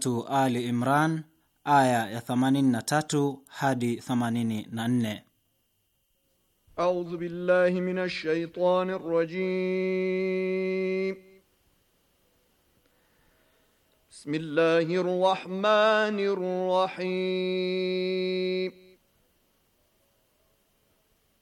suratu Ali Imran aya ya 83 hadi 84.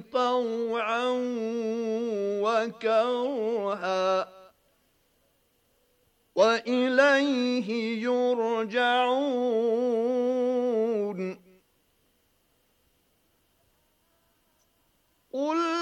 طوعا وكرها وإليه يرجعون قل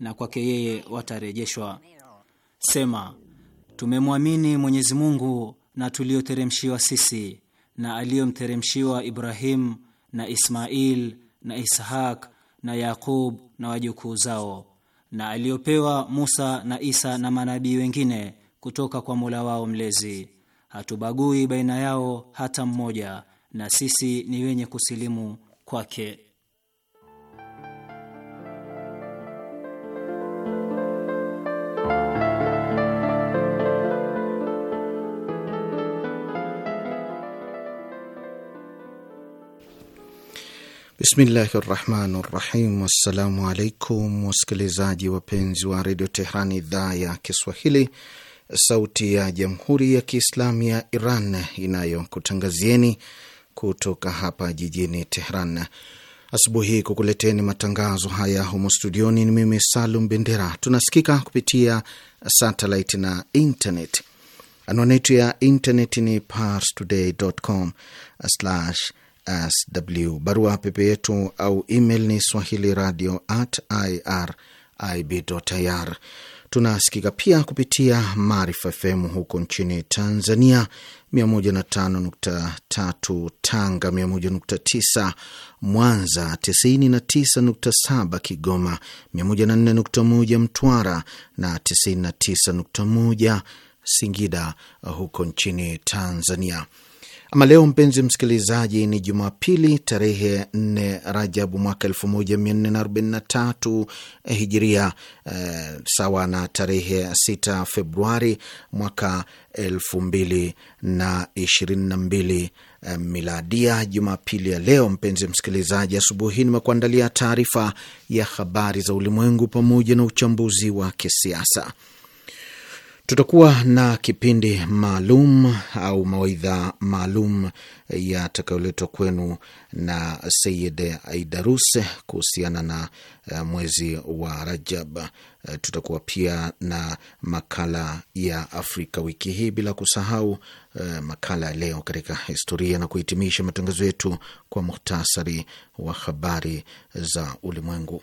na kwake yeye watarejeshwa. Sema, tumemwamini Mwenyezi Mungu na tuliyoteremshiwa sisi na aliyomteremshiwa Ibrahim na Ismail na ishak na Yaqub na wajukuu zao na aliyopewa Musa na Isa na manabii wengine kutoka kwa Mola wao mlezi. Hatubagui baina yao hata mmoja, na sisi ni wenye kusilimu kwake. Bismillahi rahmani rahim. Wassalamu alaikum wasikilizaji wapenzi wa redio Tehran, idhaa ya Kiswahili, sauti ya jamhuri ya Kiislamu ya Iran inayokutangazieni kutoka hapa jijini Tehran asubuhi kukuleteni matangazo haya humo studioni. Ni mimi Salum Bendera. Tunasikika kupitia satellite na internet. Anwani yetu ya internet ni parstoday.com sw. Barua pepe yetu au email ni swahili radio at irib.ir. Tunasikika pia kupitia Maarifa FM huko nchini Tanzania, 105.3 Tanga, 101.9 Mwanza, 99.7 Kigoma, 104.1 Mtwara na 99.1 Singida huko nchini Tanzania. Ama leo mpenzi msikilizaji, ni Jumapili tarehe 4 Rajabu mwaka 1443 eh, Hijiria eh, sawa na tarehe 6 Februari mwaka 2022 eh, miladia. Jumapili ya leo mpenzi msikilizaji, asubuhi nimekuandalia taarifa ya habari za ulimwengu pamoja na uchambuzi wa kisiasa. Tutakuwa na kipindi maalum au mawaidha maalum yatakayoletwa kwenu na Sayid Aidarus kuhusiana na eh, mwezi wa Rajab. Eh, tutakuwa pia na makala ya Afrika wiki hii, bila kusahau eh, makala ya leo katika historia, na kuhitimisha matangazo yetu kwa muhtasari wa habari za ulimwengu.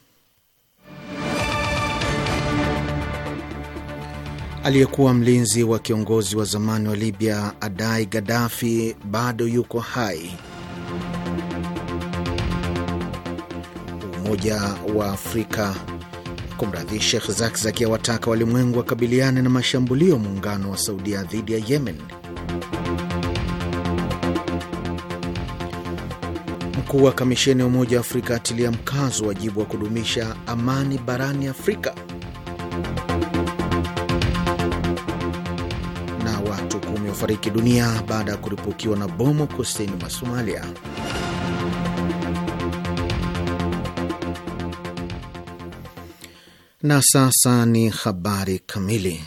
Aliyekuwa mlinzi wa kiongozi wa zamani wa Libya adai Gaddafi bado yuko hai. Umoja wa Afrika kumradhi, Shekh Zakzaki awataka walimwengu wakabiliane na mashambulio muungano wa Saudia dhidi ya Yemen. Mkuu wa kamisheni ya Umoja wa Afrika atilia mkazo wajibu wa kudumisha amani barani Afrika. amefariki dunia baada ya kuripukiwa na bomu kusini mwa Somalia. Na sasa ni habari kamili.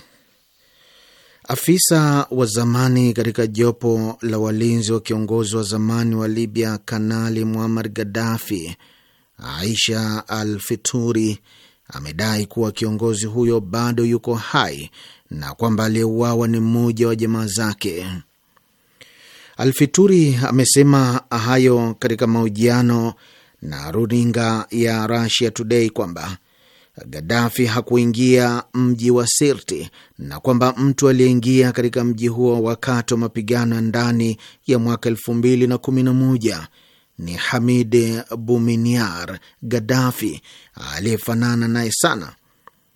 Afisa wa zamani katika jopo la walinzi wa kiongozi wa zamani wa Libya Kanali Muammar Gaddafi, Aisha Al Fituri, amedai kuwa kiongozi huyo bado yuko hai na kwamba aliyeuawa ni mmoja wa jamaa zake. Alfituri amesema hayo katika mahojiano na runinga ya Russia Today kwamba Gaddafi hakuingia mji wa Sirti na kwamba mtu aliyeingia katika mji huo wakati wa mapigano ndani ya mwaka elfu mbili na kumi na moja ni Hamid Buminiar Gaddafi aliyefanana naye sana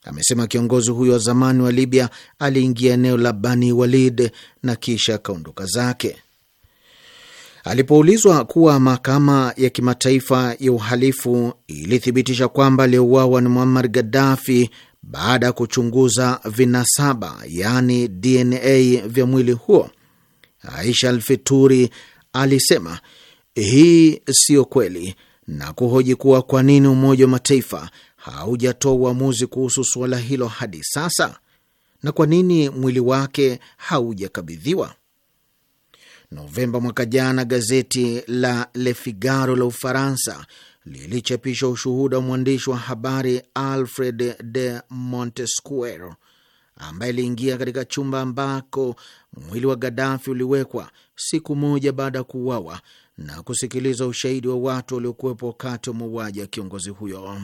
amesema kiongozi huyo wa zamani wa Libya aliingia eneo la Bani Walid na kisha akaondoka zake. Alipoulizwa kuwa mahakama ya kimataifa ya uhalifu ilithibitisha kwamba aliyeuawa ni Muammar Gaddafi baada ya kuchunguza vinasaba, yaani DNA, vya mwili huo, Aisha Alfituri alisema hii siyo kweli na kuhoji kuwa kwa nini Umoja wa Mataifa haujatoa uamuzi kuhusu suala hilo hadi sasa, na kwa nini mwili wake haujakabidhiwa? Novemba mwaka jana, gazeti la Le Figaro la Ufaransa lilichapisha ushuhuda wa mwandishi wa habari Alfred de Montesquieu ambaye aliingia katika chumba ambako mwili wa Gaddafi uliwekwa siku moja baada ya kuuawa na kusikiliza ushahidi wa watu waliokuwepo wakati wa mauaji ya kiongozi huyo.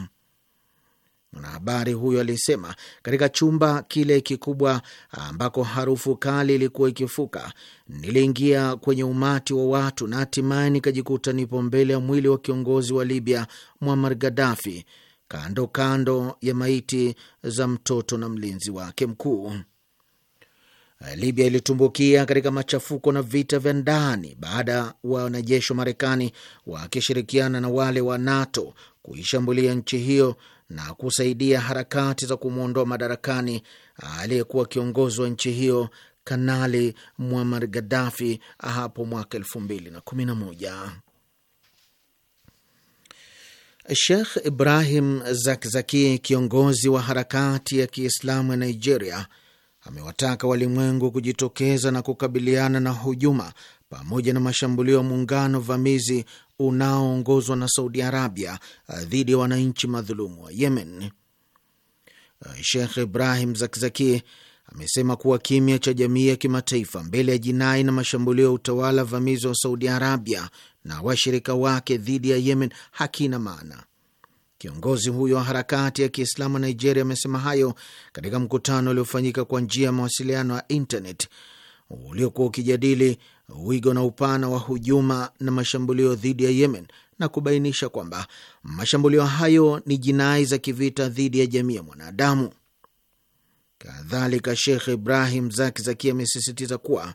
Mwanahabari huyo alisema katika chumba kile kikubwa ambako harufu kali ilikuwa ikifuka, niliingia kwenye umati wa watu na hatimaye nikajikuta nipo mbele ya mwili wa kiongozi wa Libya Muammar Gaddafi, kando kando ya maiti za mtoto na mlinzi wake mkuu. Libya ilitumbukia katika machafuko na vita vya ndani baada ya wanajeshi wa Marekani wakishirikiana na wale wa NATO kuishambulia nchi hiyo na kusaidia harakati za kumwondoa madarakani aliyekuwa kiongozi wa nchi hiyo Kanali Muammar Gaddafi hapo mwaka elfu mbili na kumi na moja. Sheikh Ibrahim Zakzaki, kiongozi wa harakati ya Kiislamu ya Nigeria, amewataka walimwengu kujitokeza na kukabiliana na hujuma pamoja na mashambulio ya muungano vamizi unaoongozwa na Saudi Arabia uh, dhidi ya wananchi madhulumu wa Yemen. Uh, Sheikh Ibrahim Zakzaki amesema kuwa kimya cha jamii ya kimataifa mbele ya jinai na mashambulio ya utawala vamizi wa Saudi Arabia na washirika wake dhidi ya Yemen hakina maana. Kiongozi huyo wa harakati ya Kiislamu Nigeria amesema hayo katika mkutano uliofanyika kwa njia ya mawasiliano ya internet uliokuwa ukijadili wigo na upana wa hujuma na mashambulio dhidi ya Yemen na kubainisha kwamba mashambulio hayo ni jinai za kivita dhidi ya jamii ya mwanadamu. Kadhalika, shekh Ibrahim Zaki amesisitiza kuwa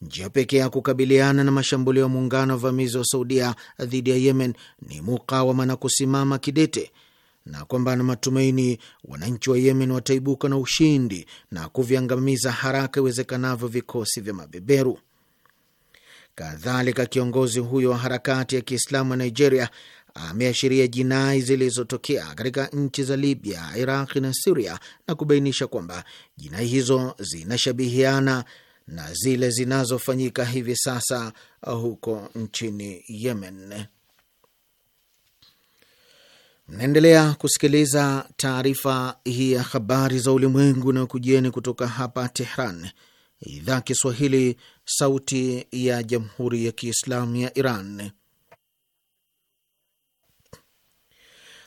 njia pekee ya kukabiliana na mashambulio ya muungano wa vamizi wa Saudia dhidi ya Yemen ni mukawama na kusimama kidete, na kwamba na matumaini wananchi wa Yemen wataibuka na ushindi na kuviangamiza haraka iwezekanavyo vikosi vya mabeberu. Kadhalika, kiongozi huyo wa harakati ya Kiislamu ya Nigeria ameashiria jinai zilizotokea katika nchi za Libya, Iraq na Siria na kubainisha kwamba jinai hizo zinashabihiana na zile zinazofanyika hivi sasa huko nchini Yemen. Mnaendelea kusikiliza taarifa hii ya habari za ulimwengu na kujieni kutoka hapa Tehran, idhaa Kiswahili, Sauti ya Jamhuri ya Kiislamu ya Iran.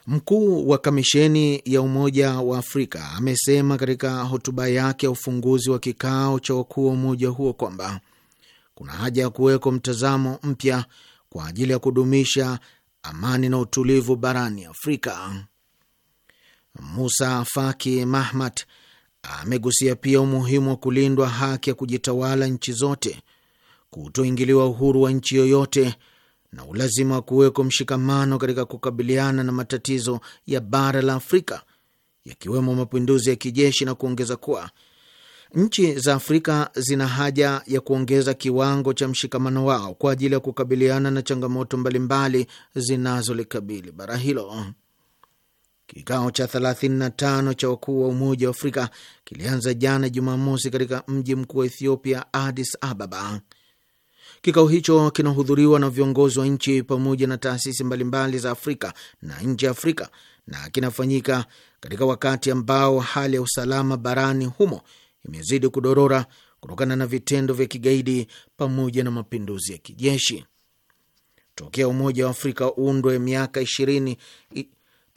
Mkuu wa kamisheni ya Umoja wa Afrika amesema katika hotuba yake ya ufunguzi wa kikao cha wakuu wa umoja huo kwamba kuna haja ya kuwekwa mtazamo mpya kwa ajili ya kudumisha amani na utulivu barani Afrika. Musa Faki Mahamat Amegusia pia umuhimu wa kulindwa haki ya kujitawala nchi zote, kutoingiliwa uhuru wa nchi yoyote na ulazima wa kuwekwa mshikamano katika kukabiliana na matatizo ya bara la Afrika yakiwemo mapinduzi ya kijeshi na kuongeza kuwa nchi za Afrika zina haja ya kuongeza kiwango cha mshikamano wao kwa ajili ya kukabiliana na changamoto mbalimbali zinazolikabili bara hilo. Kikao cha 35 cha wakuu wa Umoja wa Afrika kilianza jana Jumamosi katika mji mkuu wa Ethiopia, Addis Ababa. Kikao hicho kinahudhuriwa na viongozi wa nchi pamoja na taasisi mbalimbali za Afrika na nje ya Afrika na kinafanyika katika wakati ambao hali ya usalama barani humo imezidi kudorora kutokana na vitendo vya kigaidi pamoja na mapinduzi ya kijeshi. Tokea Umoja wa Afrika uundwe miaka ishirini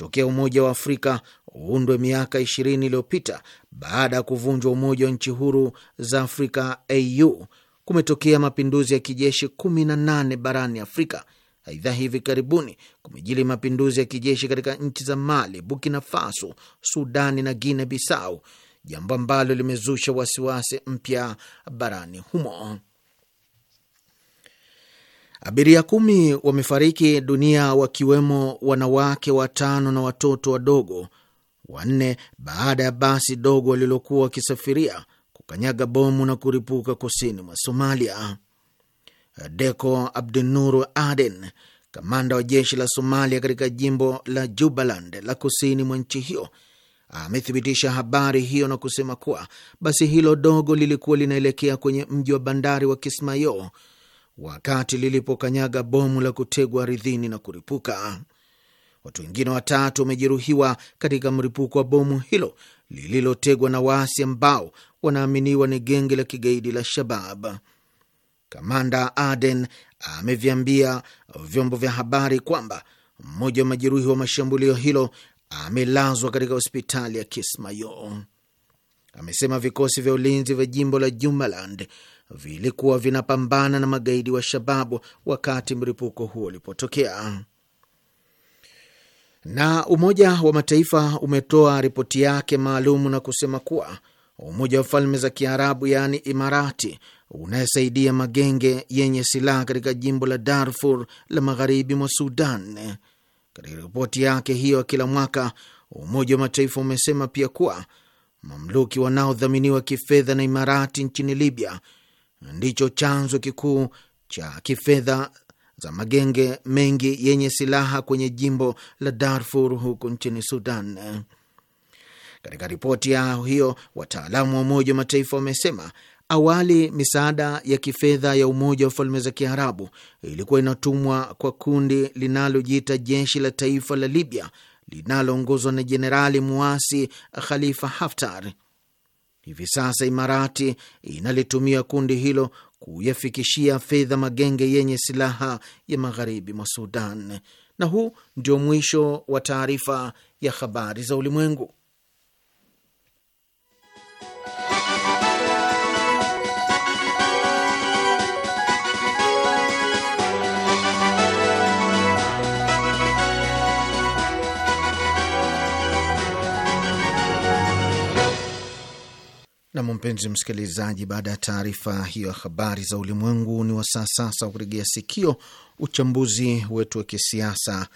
tokea Umoja wa Afrika uundwe miaka 20 iliyopita baada ya kuvunjwa Umoja wa Nchi Huru za Afrika au kumetokea mapinduzi ya kijeshi 18 barani Afrika. Aidha, hivi karibuni kumejili mapinduzi ya kijeshi katika nchi za Mali, Burkina Faso, Sudani na Guinea Bissau, jambo ambalo limezusha wasiwasi mpya barani humo. Abiria kumi wamefariki dunia wakiwemo wanawake watano na watoto wadogo wanne baada ya basi dogo walilokuwa wakisafiria kukanyaga bomu na kuripuka kusini mwa Somalia. Deko abdunur Aden, kamanda wa jeshi la Somalia katika jimbo la Jubaland la kusini mwa nchi hiyo, amethibitisha habari hiyo na kusema kuwa basi hilo dogo lilikuwa linaelekea kwenye mji wa bandari wa Kismayo wakati lilipokanyaga bomu la kutegwa ardhini na kuripuka. Watu wengine watatu wamejeruhiwa katika mripuko wa bomu hilo lililotegwa na waasi ambao wanaaminiwa ni genge la kigaidi la Shabab. Kamanda Aden ameviambia vyombo vya habari kwamba mmoja wa majeruhi wa mashambulio hilo amelazwa katika hospitali ya Kismayo. Amesema vikosi vya ulinzi vya jimbo la Jumaland vilikuwa vinapambana na magaidi wa Shababu wakati mlipuko huo ulipotokea. Na Umoja wa Mataifa umetoa ripoti yake maalum na kusema kuwa Umoja wa Falme za Kiarabu yaani Imarati unayesaidia magenge yenye silaha katika jimbo la Darfur la magharibi mwa Sudan. Katika ripoti yake hiyo ya kila mwaka, Umoja wa Mataifa umesema pia kuwa mamluki wanaodhaminiwa kifedha na Imarati nchini Libya ndicho chanzo kikuu cha kifedha za magenge mengi yenye silaha kwenye jimbo la Darfur huko nchini Sudan. Katika ripoti yao hiyo, wataalamu wa Umoja wa Mataifa wamesema awali misaada ya kifedha ya Umoja wa Falme za Kiarabu ilikuwa inatumwa kwa kundi linalojiita Jeshi la Taifa la Libya linaloongozwa na jenerali muasi Khalifa Haftar. Hivi sasa Imarati inalitumia kundi hilo kuyafikishia fedha magenge yenye silaha ya magharibi mwa Sudan. Na huu ndio mwisho wa taarifa ya habari za ulimwengu. Nam, mpenzi msikilizaji, baada ya taarifa hiyo ya habari za ulimwengu, ni wasaa sasa wa kuregea sikio uchambuzi wetu wa kisiasa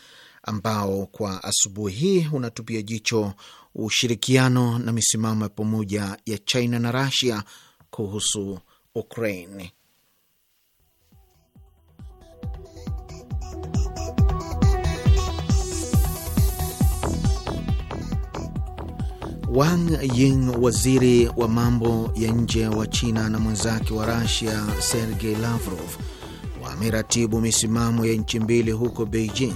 ambao kwa asubuhi hii unatupia jicho ushirikiano na misimamo ya pamoja ya China na Rasia kuhusu Ukraine. Wang Ying, waziri wa mambo ya nje wa China, na mwenzake wa Rasia Sergei Lavrov wameratibu misimamo ya nchi mbili huko Beijing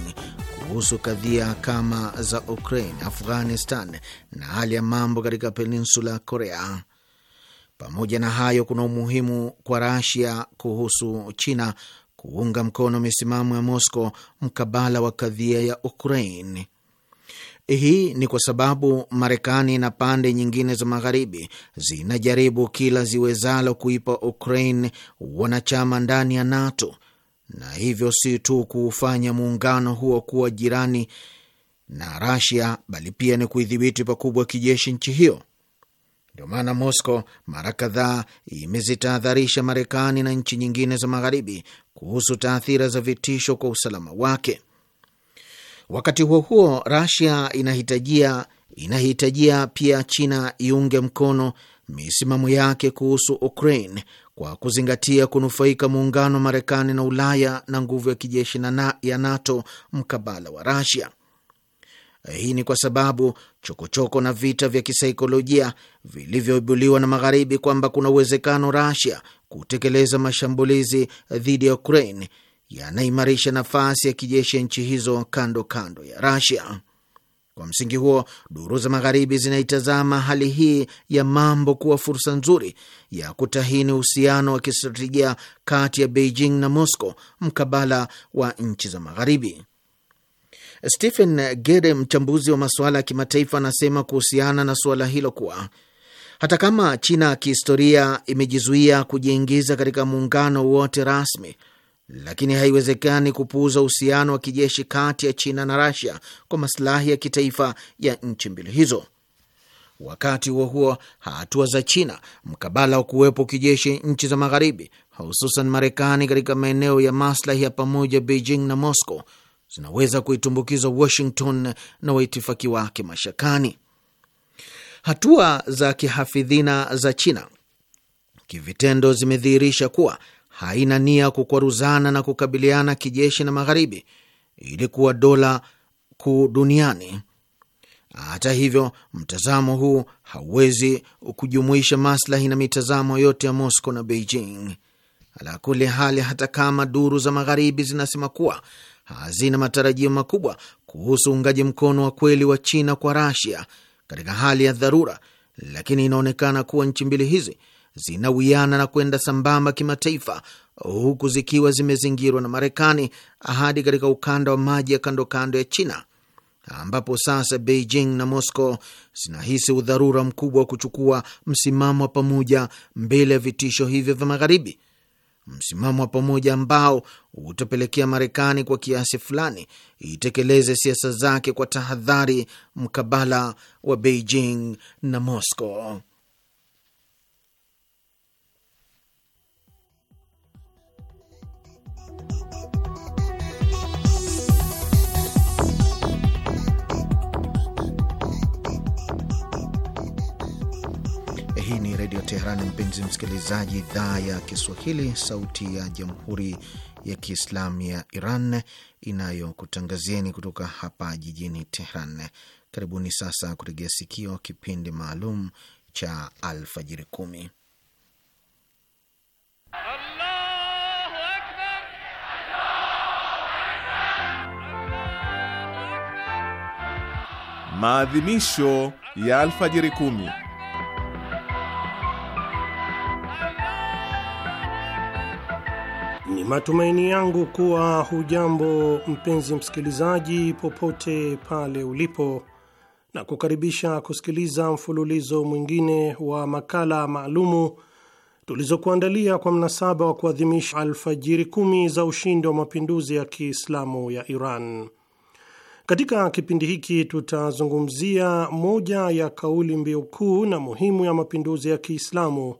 kuhusu kadhia kama za Ukraine, Afghanistan na hali ya mambo katika peninsula Korea. Pamoja na hayo, kuna umuhimu kwa Rasia kuhusu China kuunga mkono misimamo ya Moscow mkabala wa kadhia ya Ukraine. Hii ni kwa sababu Marekani na pande nyingine za Magharibi zinajaribu kila ziwezalo kuipa Ukraine wanachama ndani ya NATO na hivyo si tu kuufanya muungano huo kuwa jirani na Rasia bali pia ni kuidhibiti pakubwa kijeshi nchi hiyo. Ndio maana Moscow mara kadhaa imezitahadharisha Marekani na nchi nyingine za Magharibi kuhusu taathira za vitisho kwa usalama wake. Wakati huo huo, Rasia inahitajia inahitajia pia China iunge mkono misimamo yake kuhusu Ukraine kwa kuzingatia kunufaika muungano wa Marekani na Ulaya na nguvu ya kijeshi na ya NATO mkabala wa Rasia. Hii ni kwa sababu chokochoko choko na vita vya kisaikolojia vilivyoibuliwa na Magharibi kwamba kuna uwezekano Rasia kutekeleza mashambulizi dhidi ya Ukraine yanaimarisha nafasi ya kijeshi ya nchi hizo kando kando ya Rasia. Kwa msingi huo, duru za magharibi zinaitazama hali hii ya mambo kuwa fursa nzuri ya kutahini uhusiano wa kistratejia kati ya Beijing na Moscow mkabala wa nchi za magharibi. Stephen Gere, mchambuzi wa masuala ya kimataifa, anasema kuhusiana na suala hilo kuwa hata kama China kihistoria imejizuia kujiingiza katika muungano wote rasmi lakini haiwezekani kupuuza uhusiano wa kijeshi kati ya China na Rasia kwa masilahi ya kitaifa ya nchi mbili hizo. Wakati huo huo, hatua za China mkabala wa kuwepo kijeshi nchi za Magharibi, hususan Marekani, katika maeneo ya maslahi ya pamoja Beijing na Moscow zinaweza kuitumbukiza Washington na waitifaki wake mashakani. Hatua za kihafidhina za China kivitendo zimedhihirisha kuwa haina nia kukwaruzana na kukabiliana kijeshi na magharibi ili kuwa dola kuu duniani. Hata hivyo, mtazamo huu hauwezi kujumuisha maslahi na mitazamo yote ya Moscow na Beijing. Ala kuli hali, hata kama duru za magharibi zinasema kuwa hazina matarajio makubwa kuhusu uungaji mkono wa kweli wa China kwa Rasia katika hali ya dharura, lakini inaonekana kuwa nchi mbili hizi zinawiana na kwenda sambamba kimataifa, huku zikiwa zimezingirwa na Marekani hadi katika ukanda wa maji ya kando kando ya China, ambapo sasa Beijing na Moscow zinahisi udharura mkubwa wa kuchukua msimamo wa pamoja mbele ya vitisho hivyo vya Magharibi, msimamo wa pamoja ambao utapelekea Marekani kwa kiasi fulani itekeleze siasa zake kwa tahadhari mkabala wa Beijing na Moscow. Hii ni Redio Teherani, mpenzi msikilizaji, idhaa ya Kiswahili, sauti ya Jamhuri ya Kiislamu ya Iran inayokutangazieni kutoka hapa jijini Teheran. Karibuni sasa kutegea sikio kipindi maalum cha Alfajiri Kumi. Maadhimisho ya Alfajiri Kumi. Matumaini yangu kuwa hujambo mpenzi msikilizaji, popote pale ulipo, na kukaribisha kusikiliza mfululizo mwingine wa makala maalumu tulizokuandalia kwa mnasaba wa kuadhimisha alfajiri kumi za ushindi wa mapinduzi ya Kiislamu ya Iran. Katika kipindi hiki tutazungumzia moja ya kauli mbiu kuu na muhimu ya mapinduzi ya Kiislamu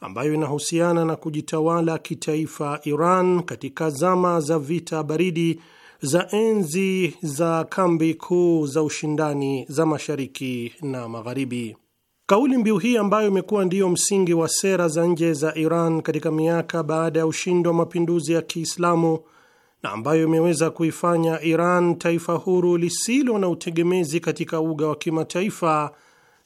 ambayo inahusiana na kujitawala kitaifa Iran katika zama za vita baridi za enzi za kambi kuu za ushindani za mashariki na magharibi. Kauli mbiu hii ambayo imekuwa ndiyo msingi wa sera za nje za Iran katika miaka baada ya ushindi wa mapinduzi ya Kiislamu na ambayo imeweza kuifanya Iran taifa huru lisilo na utegemezi katika uga wa kimataifa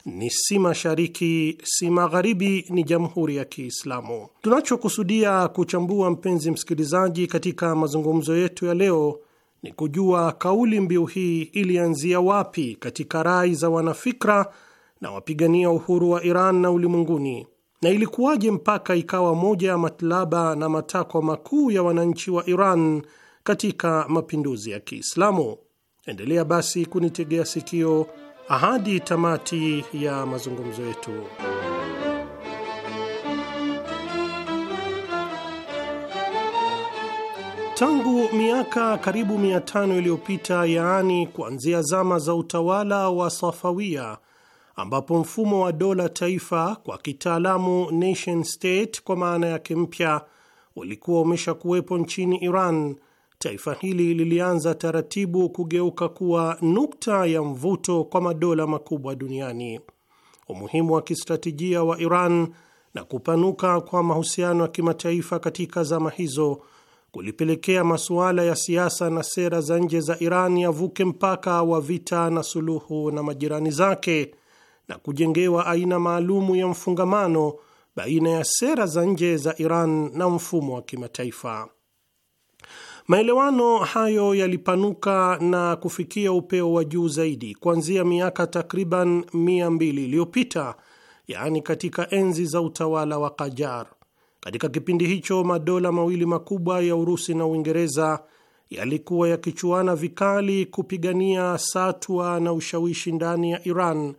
ni si mashariki si magharibi, ni jamhuri ya Kiislamu. Tunachokusudia kuchambua, mpenzi msikilizaji, katika mazungumzo yetu ya leo ni kujua kauli mbiu hii ilianzia wapi katika rai za wanafikra na wapigania uhuru wa Iran na ulimwenguni, na ilikuwaje mpaka ikawa moja ya matlaba na matakwa makuu ya wananchi wa Iran katika mapinduzi ya Kiislamu. Endelea basi kunitegea sikio Ahadi tamati ya mazungumzo yetu. Tangu miaka karibu mia tano iliyopita, yaani kuanzia zama za utawala wa Safawia, ambapo mfumo wa dola taifa kwa kitaalamu nation state kwa maana yake mpya ulikuwa umesha kuwepo nchini Iran taifa hili lilianza taratibu kugeuka kuwa nukta ya mvuto kwa madola makubwa duniani. Umuhimu wa kistratejia wa Iran na kupanuka kwa mahusiano ya kimataifa katika zama hizo kulipelekea masuala ya siasa na sera za nje za Iran yavuke mpaka wa vita na suluhu na majirani zake na kujengewa aina maalumu ya mfungamano baina ya sera za nje za Iran na mfumo wa kimataifa. Maelewano hayo yalipanuka na kufikia upeo wa juu zaidi kuanzia miaka takriban mia mbili iliyopita, yaani katika enzi za utawala wa kajar Katika kipindi hicho madola mawili makubwa ya Urusi na Uingereza yalikuwa yakichuana vikali kupigania satwa na ushawishi ndani ya Iran,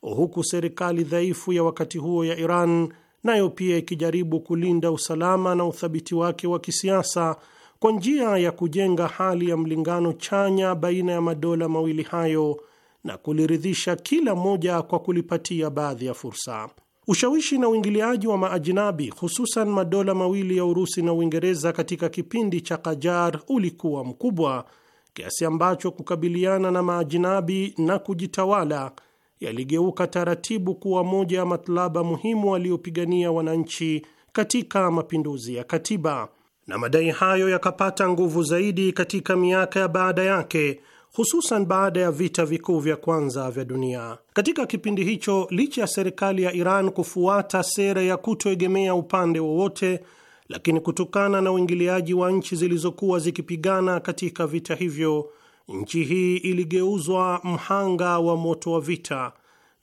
huku serikali dhaifu ya wakati huo ya Iran nayo pia ikijaribu kulinda usalama na uthabiti wake wa kisiasa kwa njia ya kujenga hali ya mlingano chanya baina ya madola mawili hayo na kuliridhisha kila moja kwa kulipatia baadhi ya fursa. Ushawishi na uingiliaji wa maajinabi, hususan madola mawili ya Urusi na Uingereza katika kipindi cha Kajar ulikuwa mkubwa kiasi ambacho kukabiliana na maajinabi na kujitawala yaligeuka taratibu kuwa moja ya matlaba muhimu waliopigania wananchi katika mapinduzi ya katiba na madai hayo yakapata nguvu zaidi katika miaka ya baada yake, hususan baada ya vita vikuu vya kwanza vya dunia. Katika kipindi hicho, licha ya serikali ya Iran kufuata sera ya kutoegemea upande wowote, lakini kutokana na uingiliaji wa nchi zilizokuwa zikipigana katika vita hivyo, nchi hii iligeuzwa mhanga wa moto wa vita,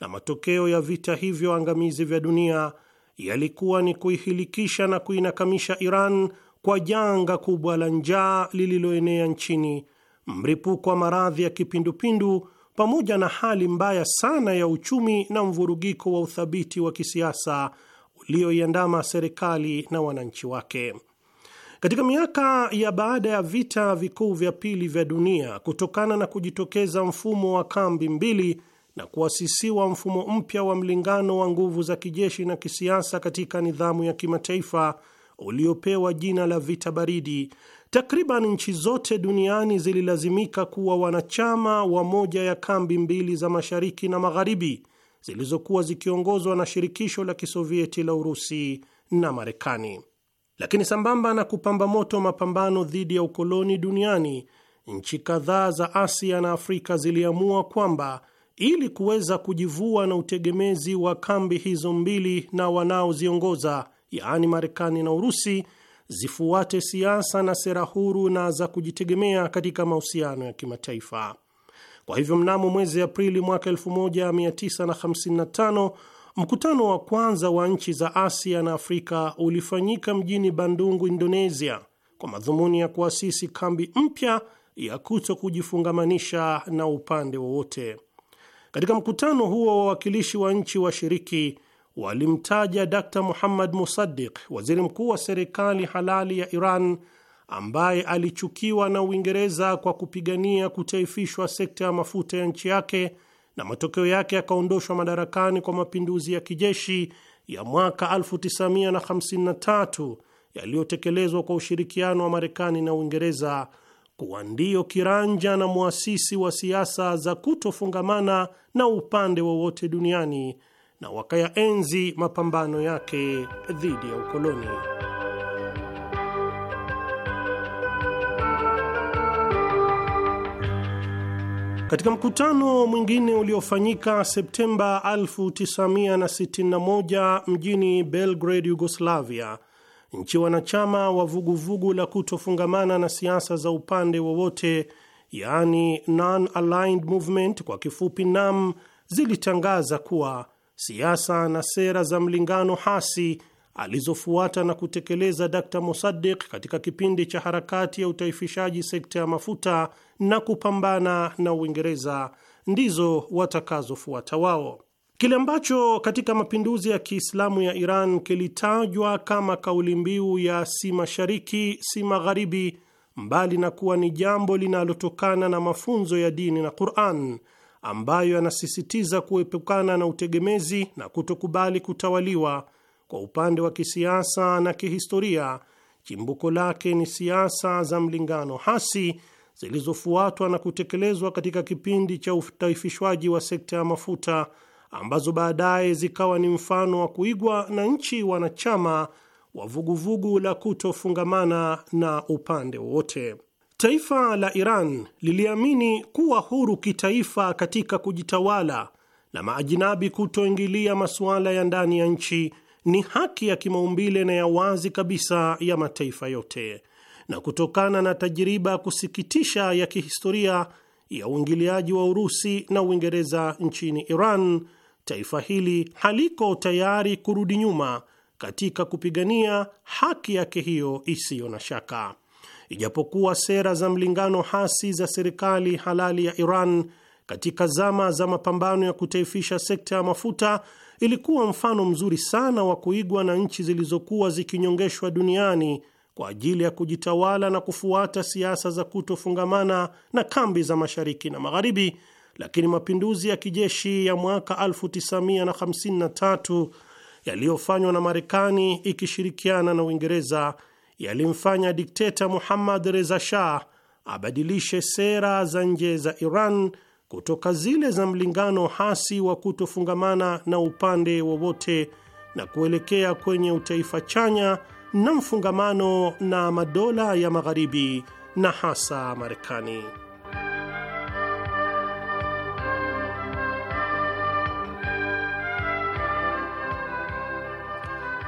na matokeo ya vita hivyo angamizi vya dunia yalikuwa ni kuihilikisha na kuinakamisha Iran kwa janga kubwa la njaa lililoenea nchini, mlipuko wa maradhi ya kipindupindu, pamoja na hali mbaya sana ya uchumi na mvurugiko wa uthabiti wa kisiasa ulioiandama serikali na wananchi wake. Katika miaka ya baada ya vita vikuu vya pili vya dunia, kutokana na kujitokeza mfumo wa kambi mbili na kuasisiwa mfumo mpya wa mlingano wa nguvu za kijeshi na kisiasa katika nidhamu ya kimataifa, uliopewa jina la vita baridi, takriban nchi zote duniani zililazimika kuwa wanachama wa moja ya kambi mbili za mashariki na magharibi zilizokuwa zikiongozwa na shirikisho la kisovieti la Urusi na Marekani. Lakini sambamba na kupamba moto mapambano dhidi ya ukoloni duniani, nchi kadhaa za Asia na Afrika ziliamua kwamba ili kuweza kujivua na utegemezi wa kambi hizo mbili na wanaoziongoza yaani Marekani na Urusi zifuate siasa na sera huru na za kujitegemea katika mahusiano ya kimataifa. Kwa hivyo, mnamo mwezi Aprili mwaka 1955 mkutano wa kwanza wa nchi za Asia na Afrika ulifanyika mjini Bandungu, Indonesia, kwa madhumuni ya kuasisi kambi mpya ya kuto kujifungamanisha na upande wowote. Katika mkutano huo wa wawakilishi wa nchi washiriki walimtaja Dr Muhammad Musaddiq, waziri mkuu wa serikali halali ya Iran ambaye alichukiwa na Uingereza kwa kupigania kutaifishwa sekta ya mafuta ya nchi yake na matokeo yake yakaondoshwa madarakani kwa mapinduzi ya kijeshi ya mwaka 1953 yaliyotekelezwa kwa ushirikiano wa Marekani na Uingereza kuwa ndiyo kiranja na mwasisi wa siasa za kutofungamana na upande wowote duniani na wakayaenzi mapambano yake dhidi ya ukoloni. Katika mkutano mwingine uliofanyika Septemba 1961 mjini Belgrade, Yugoslavia, nchi wanachama wa vuguvugu la kutofungamana na siasa za upande wowote, yaani Non-Aligned Movement, kwa kifupi NAM, zilitangaza kuwa siasa na sera za mlingano hasi alizofuata na kutekeleza Dkt. Mosadiq katika kipindi cha harakati ya utaifishaji sekta ya mafuta na kupambana na Uingereza ndizo watakazofuata wao. Kile ambacho katika mapinduzi ya Kiislamu ya Iran kilitajwa kama kauli mbiu ya si mashariki si magharibi, mbali na kuwa ni jambo linalotokana na mafunzo ya dini na Quran ambayo yanasisitiza kuepukana na utegemezi na kutokubali kutawaliwa. Kwa upande wa kisiasa na kihistoria, chimbuko lake ni siasa za mlingano hasi zilizofuatwa na kutekelezwa katika kipindi cha utaifishwaji wa sekta ya mafuta ambazo baadaye zikawa ni mfano wa kuigwa na nchi wanachama wa vuguvugu la kutofungamana na upande wowote. Taifa la Iran liliamini kuwa huru kitaifa katika kujitawala na maajinabi kutoingilia masuala ya ndani ya nchi ni haki ya kimaumbile na ya wazi kabisa ya mataifa yote, na kutokana na tajiriba ya kusikitisha ya kihistoria ya uingiliaji wa Urusi na Uingereza nchini Iran, taifa hili haliko tayari kurudi nyuma katika kupigania haki yake hiyo isiyo na shaka. Ijapokuwa sera za mlingano hasi za serikali halali ya Iran katika zama za mapambano ya kutaifisha sekta ya mafuta ilikuwa mfano mzuri sana wa kuigwa na nchi zilizokuwa zikinyongeshwa duniani kwa ajili ya kujitawala na kufuata siasa za kutofungamana na kambi za mashariki na magharibi, lakini mapinduzi ya kijeshi ya mwaka 1953 yaliyofanywa na Marekani ikishirikiana na Uingereza yalimfanya dikteta Muhammad Reza Shah abadilishe sera za nje za Iran kutoka zile za mlingano hasi wa kutofungamana na upande wowote na kuelekea kwenye utaifa chanya na mfungamano na madola ya Magharibi na hasa Marekani.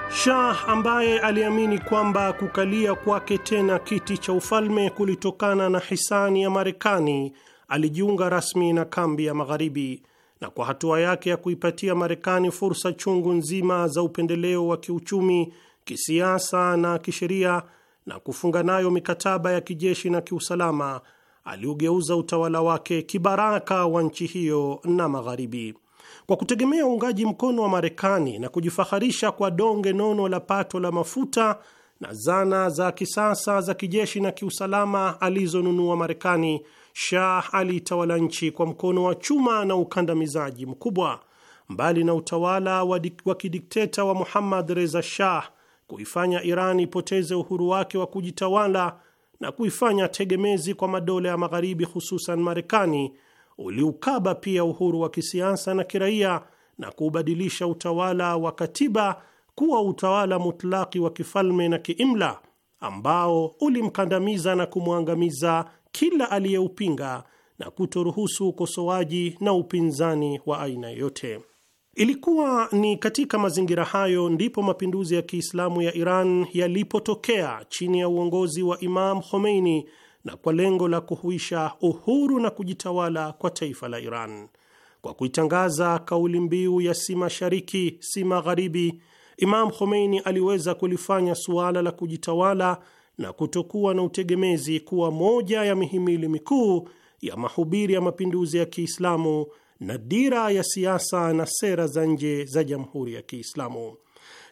Shah ambaye aliamini kwamba kukalia kwake tena kiti cha ufalme kulitokana na hisani ya Marekani alijiunga rasmi na kambi ya Magharibi, na kwa hatua yake ya kuipatia Marekani fursa chungu nzima za upendeleo wa kiuchumi, kisiasa na kisheria, na kufunga nayo mikataba ya kijeshi na kiusalama, aliugeuza utawala wake kibaraka wa nchi hiyo na Magharibi. Kwa kutegemea uungaji mkono wa Marekani na kujifaharisha kwa donge nono la pato la mafuta na zana za kisasa za kijeshi na kiusalama alizonunua Marekani, Shah aliitawala nchi kwa mkono wa chuma na ukandamizaji mkubwa. Mbali na utawala wa kidikteta wa Muhammad Reza Shah kuifanya Iran ipoteze uhuru wake wa kujitawala na kuifanya tegemezi kwa madola ya Magharibi, hususan Marekani, uliukaba pia uhuru wa kisiasa na kiraia na kuubadilisha utawala wa katiba kuwa utawala mutlaki wa kifalme na kiimla ambao ulimkandamiza na kumwangamiza kila aliyeupinga na kutoruhusu ukosoaji na upinzani wa aina yoyote. Ilikuwa ni katika mazingira hayo ndipo mapinduzi ya Kiislamu ya Iran yalipotokea chini ya uongozi wa Imam Khomeini na kwa lengo la kuhuisha uhuru na kujitawala kwa taifa la Iran. Kwa kuitangaza kauli mbiu ya si mashariki si magharibi, Imam Khomeini aliweza kulifanya suala la kujitawala na kutokuwa na utegemezi kuwa moja ya mihimili mikuu ya mahubiri ya mapinduzi ya Kiislamu na dira ya siasa na sera za nje za Jamhuri ya Kiislamu.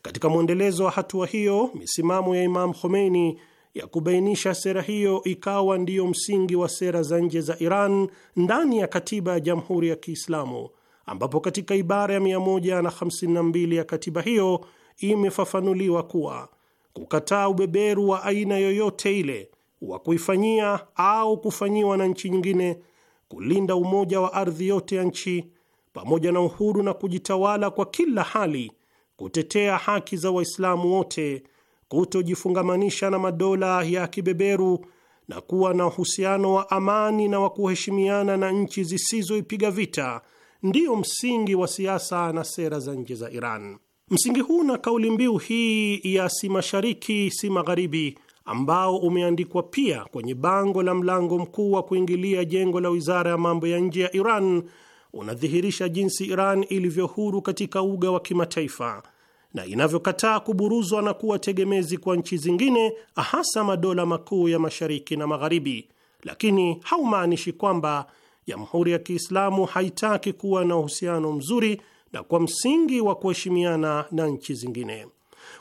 Katika mwendelezo wa hatua hiyo, misimamo ya Imam Khomeini ya kubainisha sera hiyo ikawa ndiyo msingi wa sera za nje za Iran ndani ya katiba ya Jamhuri ya Kiislamu, ambapo katika ibara ya 152 ya katiba hiyo imefafanuliwa kuwa kukataa ubeberu wa aina yoyote ile wa kuifanyia au kufanyiwa na nchi nyingine, kulinda umoja wa ardhi yote ya nchi pamoja na uhuru na kujitawala kwa kila hali, kutetea haki za Waislamu wote kutojifungamanisha na madola ya kibeberu na kuwa na uhusiano wa amani na wa kuheshimiana na nchi zisizoipiga vita ndiyo msingi wa siasa na sera za nje za Iran. Msingi huu na kauli mbiu hii ya si mashariki si magharibi, ambao umeandikwa pia kwenye bango la mlango mkuu wa kuingilia jengo la wizara ya mambo ya nje ya Iran, unadhihirisha jinsi Iran ilivyo huru katika uga wa kimataifa na inavyokataa kuburuzwa na kuwa tegemezi kwa nchi zingine, hasa madola makuu ya mashariki na magharibi, lakini haumaanishi kwamba Jamhuri ya Kiislamu haitaki kuwa na uhusiano mzuri na kwa msingi wa kuheshimiana na nchi zingine.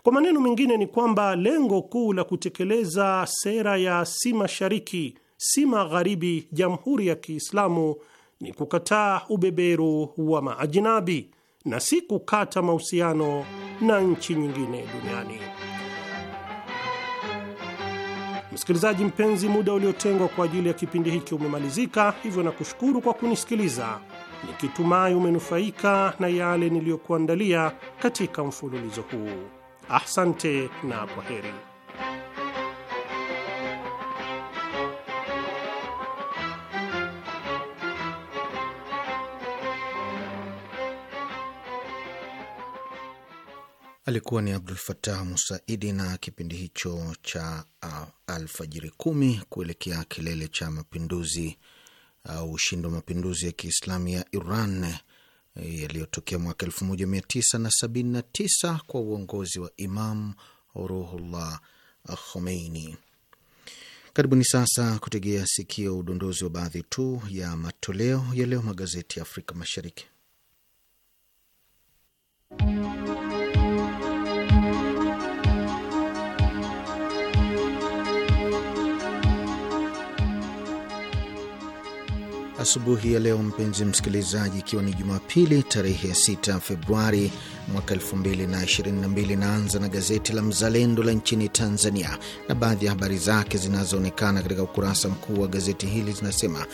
Kwa maneno mengine, ni kwamba lengo kuu la kutekeleza sera ya si mashariki si magharibi Jamhuri ya Kiislamu ni kukataa ubeberu wa maajinabi na si kukata mahusiano na nchi nyingine duniani. Msikilizaji mpenzi, muda uliotengwa kwa ajili ya kipindi hiki umemalizika, hivyo na kushukuru kwa kunisikiliza, nikitumai umenufaika na yale niliyokuandalia katika mfululizo huu. Asante na kwa heri. alikuwa ni Abdul Fatah Musaidi na kipindi hicho cha uh, Alfajiri Kumi kuelekea kilele cha mapinduzi au uh, ushindi wa mapinduzi ya Kiislamu ya Iran eh, yaliyotokea mwaka tisa kwa uongozi wa Imam Ruhullah Khomeini. Karibuni sasa kutegea sikio udondozi wa baadhi tu ya matoleo ya leo magazeti ya Afrika Mashariki. asubuhi ya leo, mpenzi msikilizaji, ikiwa ni Jumapili tarehe ya 6 Februari mwaka 2022. Naanza na gazeti la Mzalendo la nchini Tanzania, na baadhi ya habari zake zinazoonekana katika ukurasa mkuu wa gazeti hili zinasema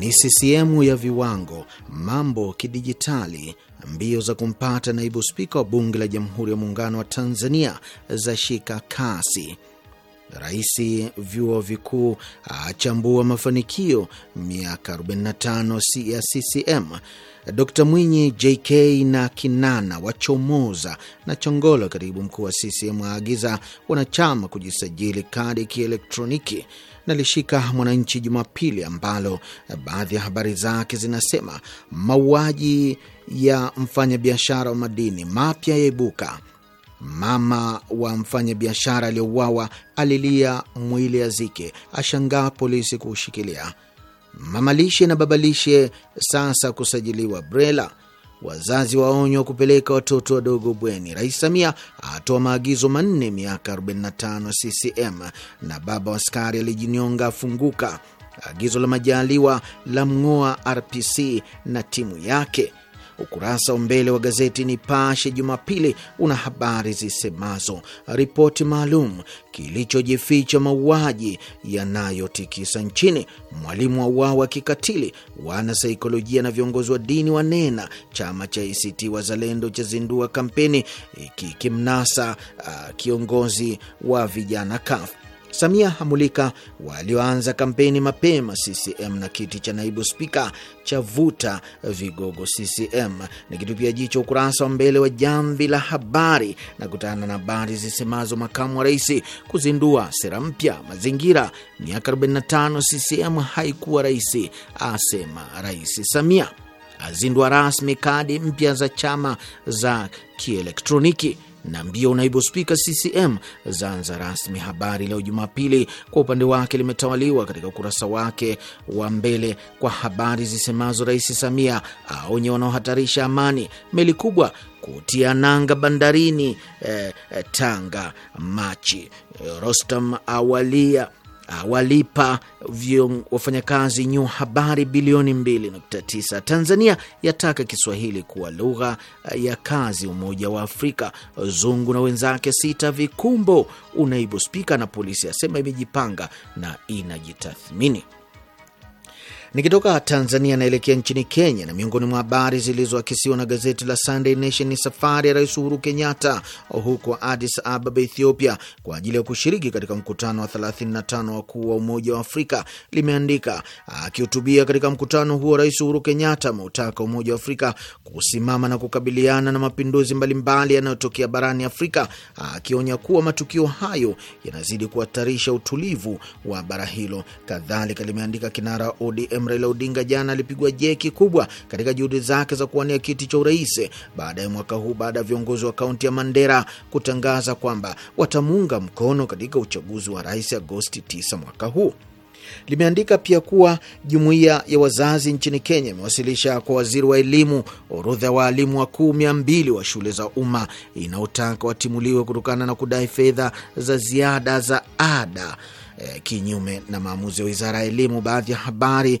ni CCM ya viwango, mambo kidijitali, mbio za kumpata naibu spika wa bunge la Jamhuri ya Muungano wa Tanzania za shika kasi Rais vyuo vikuu achambua mafanikio miaka 45 ya CCM. d Mwinyi, JK na Kinana wachomoza na Chongolo, katibu mkuu wa CCM aagiza wanachama kujisajili kadi kielektroniki. Nalishika Mwananchi Jumapili ambalo baadhi ya habari zake zinasema mauaji ya mfanyabiashara wa madini mapya yaibuka Mama wa mfanyabiashara aliyeuawa alilia mwili azike, ashangaa polisi kuushikilia. Mamalishe na babalishe sasa kusajiliwa BRELA. Wazazi waonywa kupeleka watoto wadogo bweni. Rais Samia atoa maagizo manne miaka 45 CCM, na baba wa askari alijinyonga afunguka. Agizo la Majaliwa la mng'oa RPC na timu yake. Ukurasa wa mbele wa gazeti Nipashe Jumapili una habari zisemazo ripoti maalum, kilichojificha mauaji yanayotikisa nchini, mwalimu auawa kikatili, wanasaikolojia na viongozi wa dini wanena, chama cha ACT Wazalendo chazindua kampeni ikikimnasa uh, kiongozi wa vijana kafu Samia hamulika walioanza kampeni mapema CCM na kiti cha naibu spika cha vuta vigogo CCM. ni Nikitupia jicho ukurasa wa mbele wa Jamvi la Habari na kutana na habari zisemazo: makamu wa rais kuzindua sera mpya mazingira, miaka 45 CCM haikuwa raisi asema Rais Samia azindua rasmi kadi mpya za chama za kielektroniki na mbio naibu spika CCM Zanza rasmi. Habari Leo Jumapili kwa upande wake limetawaliwa katika ukurasa wake wa mbele kwa habari zisemazo Rais Samia aonye wanaohatarisha amani, meli kubwa kutia nanga bandarini eh, eh Tanga Machi, Rostam awalia Uh, walipa wafanyakazi nyu habari bilioni 2.9. Tanzania yataka Kiswahili kuwa lugha uh, ya kazi. Umoja wa Afrika zungu na wenzake sita vikumbo. Unaibu spika na polisi asema imejipanga na inajitathmini. Nikitoka Tanzania naelekea nchini Kenya, na miongoni mwa habari zilizoakisiwa na gazeti la Sunday Nation ni safari ya Rais Uhuru Kenyatta huko Addis Ababa, Ethiopia, kwa ajili ya kushiriki katika mkutano wa 35 wakuu wa Umoja wa Afrika, limeandika. Akihutubia katika mkutano huo, Rais Uhuru Kenyatta ameutaka Umoja wa Afrika kusimama na kukabiliana na mapinduzi mbalimbali yanayotokea barani Afrika, akionya kuwa matukio hayo yanazidi kuhatarisha utulivu wa bara hilo. Kadhalika limeandika kinara ODM CCM Raila Odinga jana alipigwa jeki kubwa katika juhudi zake za kuwania kiti cha urais baada ya mwaka huu, baada ya viongozi wa kaunti ya Mandera kutangaza kwamba watamuunga mkono katika uchaguzi wa rais Agosti 9 mwaka huu. Limeandika pia kuwa jumuiya ya wazazi nchini Kenya imewasilisha kwa waziri wa elimu orodha ya waalimu wakuu mia mbili wa shule za umma inayotaka watimuliwe kutokana na kudai fedha za ziada za ada Eh, kinyume na maamuzi ya wizara ya elimu. Baadhi ya habari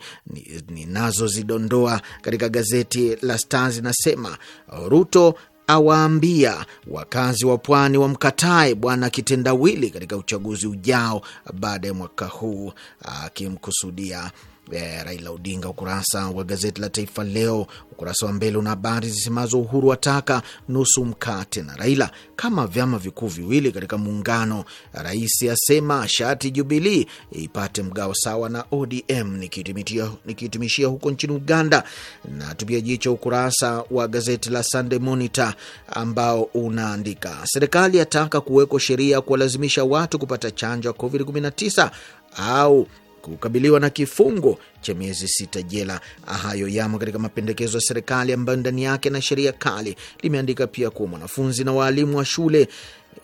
ninazozidondoa ni katika gazeti la Star zinasema Ruto awaambia wakazi wa pwani wamkatae bwana kitendawili katika uchaguzi ujao baada ya mwaka huu, akimkusudia Eh, Raila Odinga. Ukurasa wa gazeti la Taifa Leo ukurasa wa mbele una habari zisemazo Uhuru ataka nusu mkate na Raila kama vyama vikuu viwili katika muungano. Rais asema shati Jubilii ipate mgao sawa na ODM. Nikihitimishia huko nchini Uganda, na tupia jicho ukurasa wa gazeti la Sunday Monitor ambao unaandika serikali yataka kuwekwa sheria kuwalazimisha watu kupata chanjo ya COVID-19 au kukabiliwa na kifungo cha miezi sita jela. Hayo yamo katika mapendekezo ya serikali ambayo ndani yake na sheria kali limeandika pia kuwa mwanafunzi na waalimu wa shule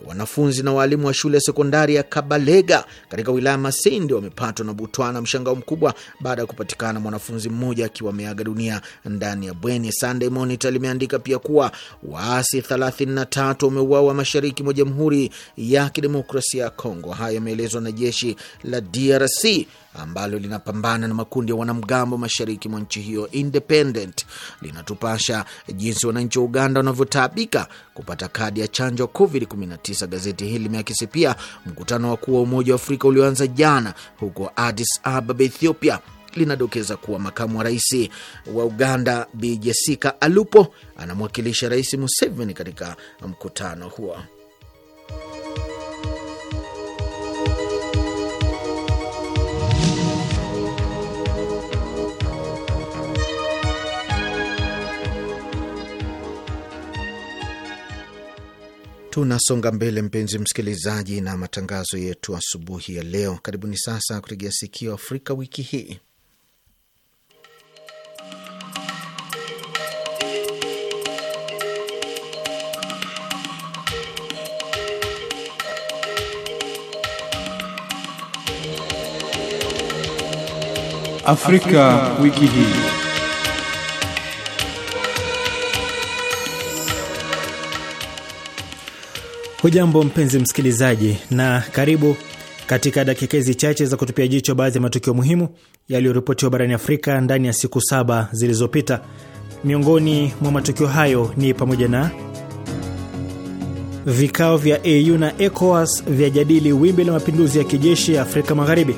Wanafunzi na waalimu wa shule ya sekondari ya Kabalega katika wilaya Masindi wamepatwa na butwana mshangao mkubwa baada ya kupatikana mwanafunzi mmoja akiwa ameaga dunia ndani ya bweni. Sunday Monitor limeandika pia kuwa waasi 33 wameuawa mashariki mwa Jamhuri ya Kidemokrasia ya Kongo. Haya yameelezwa na jeshi la DRC ambalo linapambana na makundi ya wanamgambo mashariki mwa nchi hiyo. Independent linatupasha jinsi wananchi wa Uganda wanavyotaabika kupata kadi ya chanjo COVID-19 9 Gazeti hili limeakisi pia mkutano wa kuu wa Umoja wa Afrika ulioanza jana huko Addis Ababa, Ethiopia. Linadokeza kuwa makamu wa rais wa Uganda Bi Jessica Alupo anamwakilisha Rais Museveni katika mkutano huo. Tunasonga mbele mpenzi msikilizaji, na matangazo yetu asubuhi ya leo. Karibuni sasa kutegea sikio Afrika wiki hii. Afrika, Afrika wiki hii. Hujambo mpenzi msikilizaji, na karibu katika dakika hizi chache za kutupia jicho baadhi ya matukio muhimu yaliyoripotiwa barani Afrika ndani ya siku saba zilizopita. Miongoni mwa matukio hayo ni pamoja na vikao vya AU na ECOWAS vyajadili wimbi la mapinduzi ya kijeshi ya Afrika Magharibi.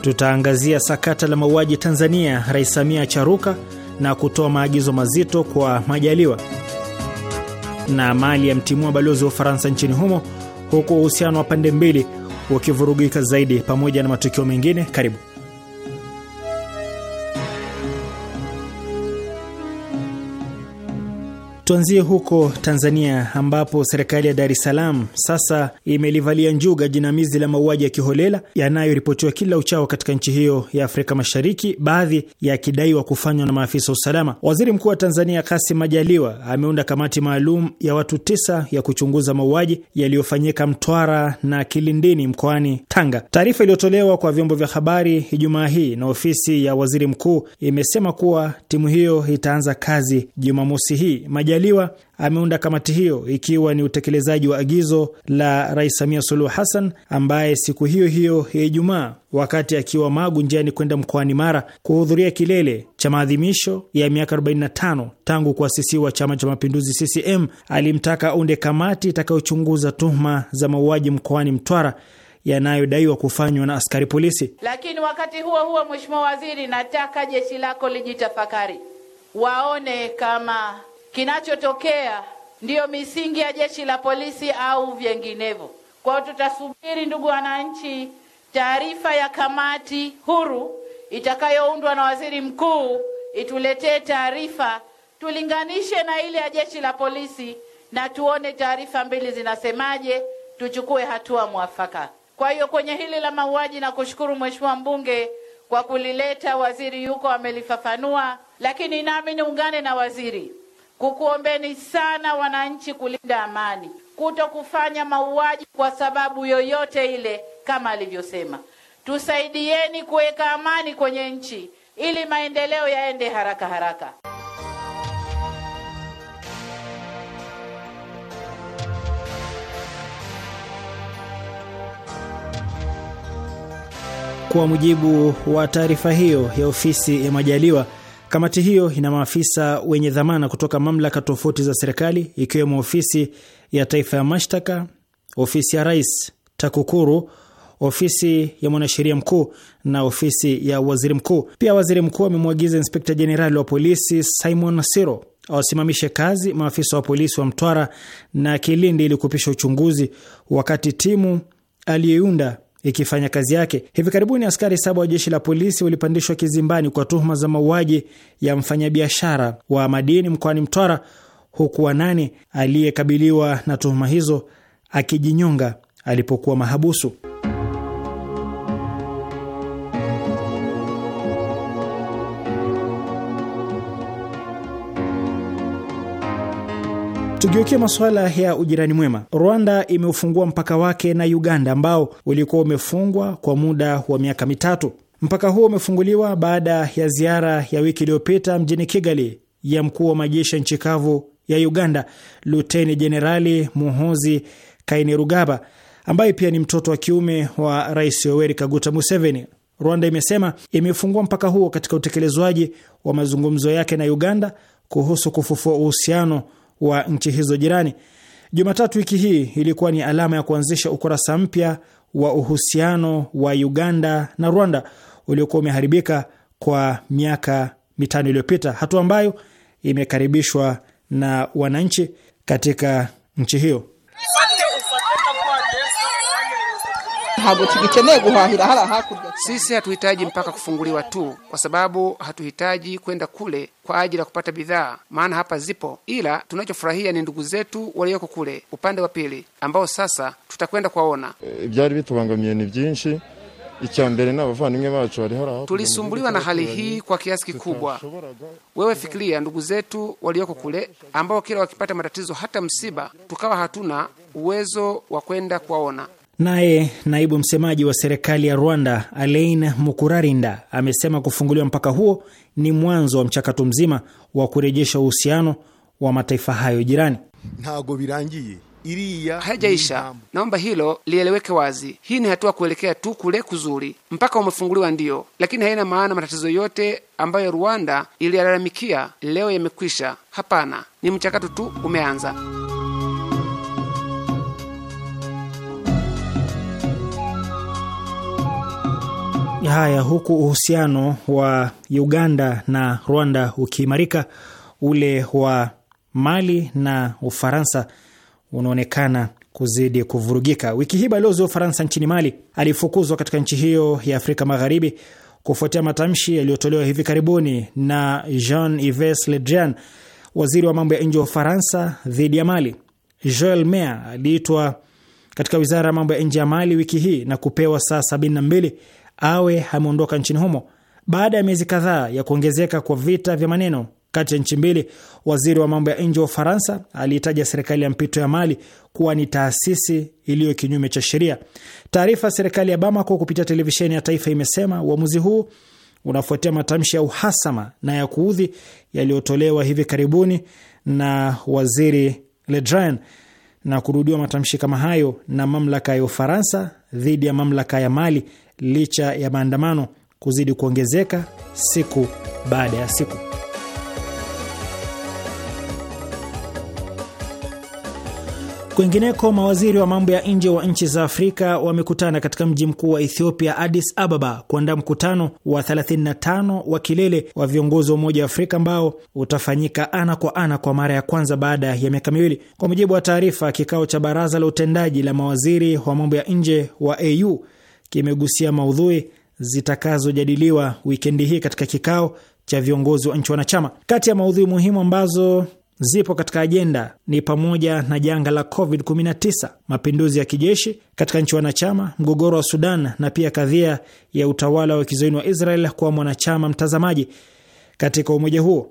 Tutaangazia sakata la mauaji Tanzania, Rais Samia charuka na kutoa maagizo mazito kwa Majaliwa na Mali yamtimua balozi wa Ufaransa nchini humo, huku uhusiano wa pande mbili ukivurugika zaidi, pamoja na matukio mengine. Karibu. Tuanzie huko Tanzania ambapo serikali ya Dar es Salaam sasa imelivalia njuga jinamizi la mauaji ya kiholela yanayoripotiwa kila uchao katika nchi hiyo ya Afrika Mashariki, baadhi yakidaiwa kufanywa na maafisa wa usalama. Waziri Mkuu wa Tanzania Kassim Majaliwa ameunda kamati maalum ya watu tisa ya kuchunguza mauaji yaliyofanyika Mtwara na Kilindini mkoani Tanga. Taarifa iliyotolewa kwa vyombo vya habari Ijumaa hii na ofisi ya waziri mkuu imesema kuwa timu hiyo itaanza kazi Jumamosi hii Majaliwa Majaliwa ameunda kamati hiyo ikiwa ni utekelezaji wa agizo la Rais Samia Suluhu Hassan ambaye siku hiyo hiyo ya Ijumaa, wakati akiwa Magu njiani kwenda mkoani Mara kuhudhuria kilele cha maadhimisho ya miaka 45 tangu kuasisiwa Chama cha Mapinduzi CCM, alimtaka aunde kamati itakayochunguza tuhuma za mauaji mkoani Mtwara yanayodaiwa kufanywa na askari polisi. Lakini wakati huo huo, Mheshimiwa Waziri, nataka jeshi lako lijitafakari, waone kama kinachotokea ndiyo misingi ya jeshi la polisi au vinginevyo. Kwa hiyo tutasubiri, ndugu wananchi, taarifa ya kamati huru itakayoundwa na waziri mkuu ituletee taarifa, tulinganishe na ile ya jeshi la polisi na tuone taarifa mbili zinasemaje, tuchukue hatua mwafaka. Kwa hiyo kwenye hili la mauaji, na kushukuru mheshimiwa mbunge kwa kulileta, waziri yuko amelifafanua, lakini nami niungane na waziri kukuombeni sana wananchi kulinda amani, kuto kufanya mauaji kwa sababu yoyote ile, kama alivyosema. Tusaidieni kuweka amani kwenye nchi ili maendeleo yaende haraka haraka. Kwa mujibu wa taarifa hiyo ya ofisi ya Majaliwa Kamati hiyo ina maafisa wenye dhamana kutoka mamlaka tofauti za serikali ikiwemo ofisi ya taifa ya mashtaka, ofisi ya rais, TAKUKURU, ofisi ya mwanasheria mkuu na ofisi ya waziri mkuu. Pia waziri mkuu amemwagiza inspekta jenerali wa polisi Simon Siro awasimamishe kazi maafisa wa polisi wa Mtwara na Kilindi ili kupisha uchunguzi, wakati timu aliyoiunda ikifanya kazi yake. Hivi karibuni askari saba wa jeshi la polisi walipandishwa kizimbani kwa tuhuma za mauaji ya mfanyabiashara wa madini mkoani Mtwara, huku wanane aliyekabiliwa na tuhuma hizo akijinyonga alipokuwa mahabusu. Tugeukie masuala ya ujirani mwema. Rwanda imeufungua mpaka wake na Uganda ambao ulikuwa umefungwa kwa muda wa miaka mitatu. Mpaka huo umefunguliwa baada ya ziara ya wiki iliyopita mjini Kigali ya mkuu wa majeshi ya nchi kavu ya Uganda, Luteni Jenerali Muhozi Kainerugaba, ambaye pia ni mtoto wa kiume wa Rais Yoweri Kaguta Museveni. Rwanda imesema imefungua mpaka huo katika utekelezwaji wa mazungumzo yake na Uganda kuhusu kufufua uhusiano wa nchi hizo jirani. Jumatatu wiki hii ilikuwa ni alama ya kuanzisha ukurasa mpya wa uhusiano wa Uganda na Rwanda uliokuwa umeharibika kwa miaka mitano iliyopita, hatua ambayo imekaribishwa na wananchi katika nchi hiyo. ntabwo Sisi hatuhitaji mpaka kufunguliwa tu, kwa sababu hatuhitaji kwenda kule kwa ajili ya kupata bidhaa, maana hapa zipo, ila tunachofurahia ni ndugu zetu walioko kule upande wa pili, ambao sasa tutakwenda kuwaona. Eh, Ibyari bitubangamiye ni byinshi Tulisumbuliwa na hali hii kwa kiasi kikubwa. Wewe fikiria ndugu zetu walioko kule, ambao kila wakipata matatizo, hata msiba, tukawa hatuna uwezo wa kwenda kuwaona. Naye naibu msemaji wa serikali ya Rwanda Alain Mukurarinda amesema kufunguliwa mpaka huo ni mwanzo wa mchakato mzima wa kurejesha uhusiano wa mataifa hayo jirani. ntago birangiye haijaisha. Naomba hilo lieleweke wazi. Hii ni hatua kuelekea tu kule kuzuri. Mpaka umefunguliwa ndiyo, lakini haina maana matatizo yote ambayo Rwanda iliyalalamikia leo yamekwisha. Hapana, ni mchakato tu umeanza. Haya, huku uhusiano wa Uganda na Rwanda ukiimarika, ule wa Mali na Ufaransa unaonekana kuzidi kuvurugika. Wiki hii balozi wa Ufaransa nchini Mali alifukuzwa katika nchi hiyo ya Afrika Magharibi kufuatia matamshi yaliyotolewa hivi karibuni na Jean Yves Le Drian, waziri wa mambo ya nje wa Ufaransa, dhidi ya Mali. Joel Meyer aliitwa katika wizara ya mambo ya nje ya Mali wiki hii na kupewa saa 72 awe ameondoka nchini humo. Baada ya miezi kadhaa ya kuongezeka kwa vita vya maneno kati ya nchi mbili, waziri wa mambo ya nje wa Ufaransa aliitaja serikali ya mpito ya Mali kuwa ni taasisi iliyo kinyume cha sheria. Taarifa ya serikali ya Bamako kupitia televisheni ya taifa imesema uamuzi huu unafuatia matamshi ya uhasama na ya kuudhi yaliyotolewa hivi karibuni na waziri Le Drian na kurudiwa matamshi kama hayo na mamlaka ya Ufaransa dhidi ya mamlaka ya Mali licha ya maandamano kuzidi kuongezeka siku baada ya siku. Kwingineko, mawaziri wa mambo ya nje wa nchi za Afrika wamekutana katika mji mkuu wa Ethiopia, Addis Ababa, kuandaa mkutano wa 35 wa kilele wa viongozi wa Umoja wa Afrika ambao utafanyika ana kwa ana kwa mara ya kwanza baada ya miaka miwili. Kwa mujibu wa taarifa, kikao cha baraza la utendaji la mawaziri wa mambo ya nje wa AU kimegusia maudhui zitakazojadiliwa wikendi hii katika kikao cha viongozi wa nchi wanachama. Kati ya maudhui muhimu ambazo zipo katika ajenda ni pamoja na janga la COVID-19, mapinduzi ya kijeshi katika nchi wanachama, mgogoro wa Sudan na pia kadhia ya utawala wa kizoini wa Israel kwa mwanachama mtazamaji katika umoja huo.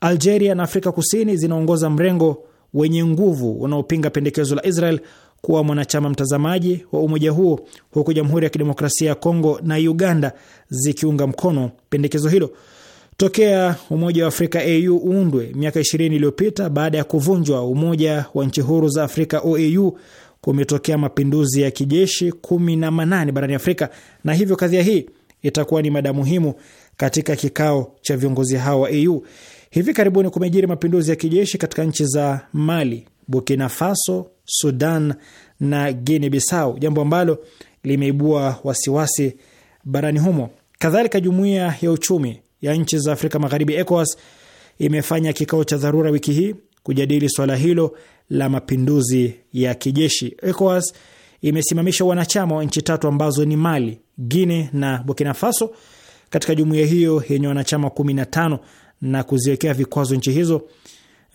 Algeria na Afrika Kusini zinaongoza mrengo wenye nguvu unaopinga pendekezo la Israel kuwa mwanachama mtazamaji wa umoja huo huku Jamhuri ya Kidemokrasia ya Kongo na Uganda zikiunga mkono pendekezo hilo. Tokea Umoja wa Afrika AU uundwe miaka 20 iliyopita baada ya kuvunjwa Umoja wa Nchi Huru za Afrika OAU, kumetokea mapinduzi ya kijeshi kumi na manane barani Afrika, na hivyo kadhia hii itakuwa ni mada muhimu katika kikao cha viongozi hao wa AU. Hivi karibuni kumejiri mapinduzi ya kijeshi katika nchi za Mali, Burkina Faso, Sudan na Guinea Bissau, jambo ambalo limeibua wasiwasi barani humo. Kadhalika, jumuiya ya uchumi ya nchi za Afrika Magharibi, ECOWAS, imefanya kikao cha dharura wiki hii kujadili swala hilo la mapinduzi ya kijeshi. ECOWAS imesimamisha wanachama wa nchi tatu ambazo ni Mali, Guinea na Burkina Faso katika jumuiya hiyo yenye wanachama 15 na kuziwekea vikwazo nchi hizo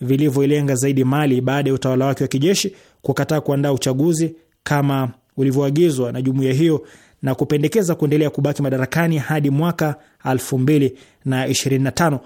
vilivyoilenga zaidi Mali baada ya utawala wake wa kijeshi kukataa kuandaa uchaguzi kama ulivyoagizwa na jumuiya hiyo na kupendekeza kuendelea kubaki madarakani hadi mwaka 2025.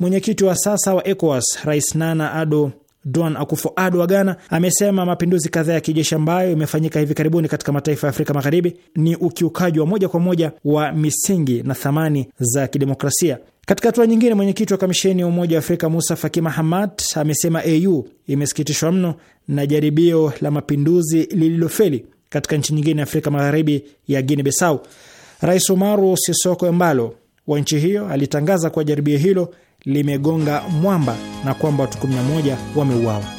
Mwenyekiti wa sasa wa ECOWAS Rais Nana Ado Don Akufo-Addo wa Ghana amesema mapinduzi kadhaa ya kijeshi ambayo imefanyika hivi karibuni katika mataifa ya Afrika Magharibi ni ukiukaji wa moja kwa moja wa misingi na thamani za kidemokrasia. Katika hatua nyingine, mwenyekiti wa kamisheni ya Umoja wa Afrika Musa Faki Mahamat amesema AU imesikitishwa mno na jaribio la mapinduzi lililofeli katika nchi nyingine Afrika Magharibi ya guine Bissau. Rais Umaru Sisoko Embalo wa nchi hiyo alitangaza kuwa jaribio hilo limegonga mwamba na kwamba watu 11 wameuawa.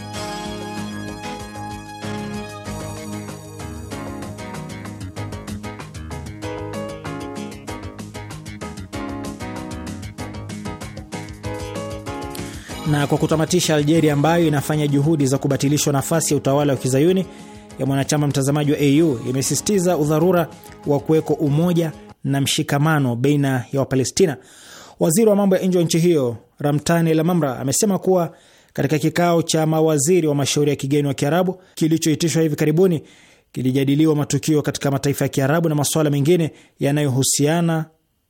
Na kwa kutamatisha, Algeria ambayo inafanya juhudi za kubatilishwa nafasi ya utawala wa kizayuni ya mwanachama mtazamaji wa AU imesisitiza udharura wa kuweko umoja na mshikamano baina ya Wapalestina. Waziri wa mambo ya nje wa nchi hiyo Ramtani Lamamra amesema kuwa katika kikao cha mawaziri wa mashauri ya kigeni wa Kiarabu kilichoitishwa hivi karibuni kilijadiliwa matukio katika mataifa ya Kiarabu na masuala mengine yanayohusiana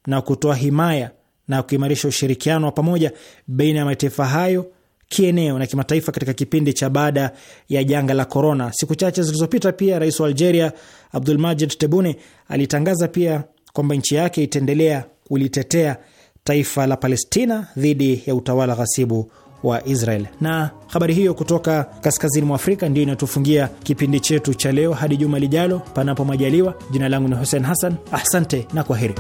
na kutoa himaya na kuimarisha ushirikiano wa pamoja baina ya mataifa hayo kieneo na kimataifa katika kipindi cha baada ya janga la korona. Siku chache zilizopita, pia rais wa Algeria Abdulmajid Tebboune alitangaza pia kwamba nchi yake itaendelea kulitetea taifa la Palestina dhidi ya utawala ghasibu wa Israel. Na habari hiyo kutoka kaskazini mwa Afrika ndiyo inatufungia kipindi chetu cha leo. Hadi juma lijalo, panapo majaliwa. Jina langu ni Hussein Hassan, asante na kwa kwaheri.